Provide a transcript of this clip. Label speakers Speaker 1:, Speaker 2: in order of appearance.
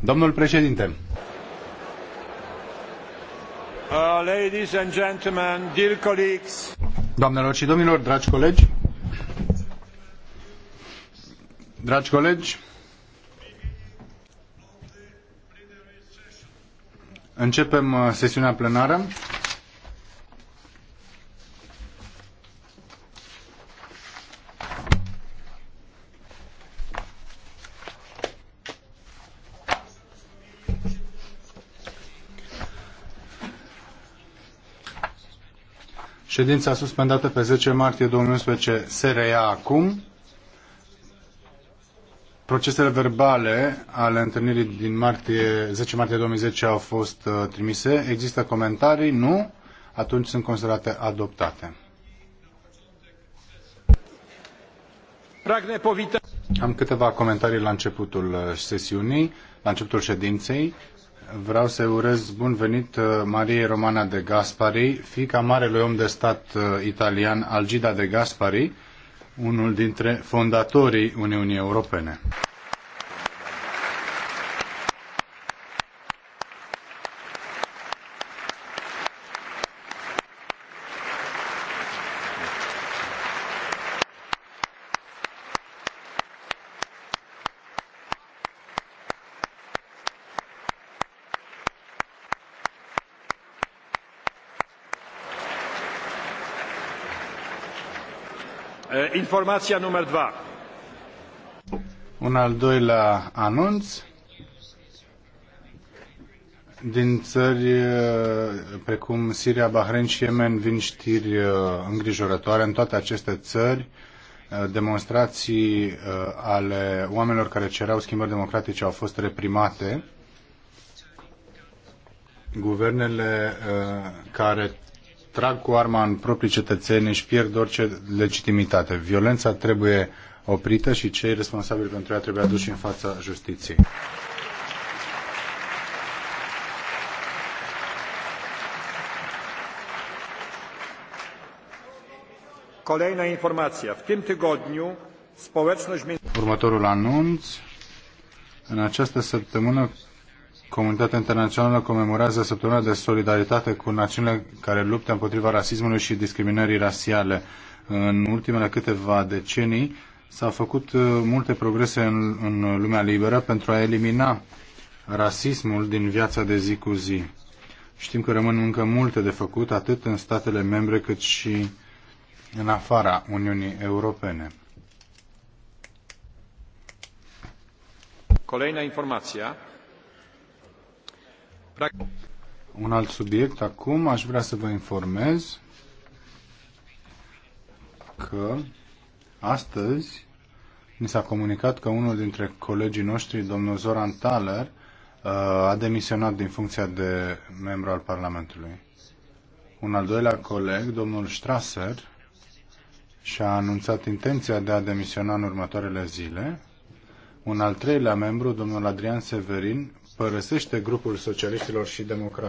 Speaker 1: Domnul președinte. Uh, ladies and gentlemen, dear colleagues. Doamnelor și domnilor, dragi colegi. Dragi colegi, începem uh, sesiunea plenară. Ședința suspendată pe 10 martie 2011 se reia acum. Procesele verbale ale întâlnirii din martie, 10 martie 2010 au fost uh, trimise. Există comentarii? Nu? Atunci sunt considerate adoptate. Am câteva comentarii la începutul uh, sesiunii, la începutul ședinței vreau să-i urez bun venit uh, Mariei Romana de Gaspari, fica marelui om de stat uh, italian Algida de Gaspari, unul dintre fondatorii Uniunii Europene. Eh, informația număr 2. Un al doilea anunț din țări eh, precum Siria, Bahrain și Yemen vin știri eh, îngrijorătoare în toate aceste țări. Demonstrații ale oamenilor care cereau schimbări democratice au fost reprimate. Guvernele care trag cu arma în proprii cetățeni își pierd orice legitimitate. Violența trebuie oprită și cei responsabili pentru ea trebuie aduși în fața justiției. Kolejna informacja. W tym tygodniu społeczność... Următorul anunț. În această săptămână Comunitatea internațională comemorează săptămâna de solidaritate cu națiunile care luptă împotriva rasismului și discriminării rasiale. În ultimele câteva decenii s-au făcut uh, multe progrese în, în lumea liberă pentru a elimina rasismul din viața de zi cu zi. Știm că rămân încă multe de făcut, atât în statele membre cât și în afara Uniunii Europene. Kolejna informația un alt subiect acum, aș vrea să vă informez că astăzi ni s-a comunicat că unul dintre colegii noștri, domnul Zoran Thaler, uh, a demisionat din funcția de membru al Parlamentului. Un al doilea coleg, domnul Strasser, și-a anunțat intenția de a demisiona în următoarele zile. Un al treilea membru, domnul Adrian Severin, părăsește grupul socialiștilor și democraților.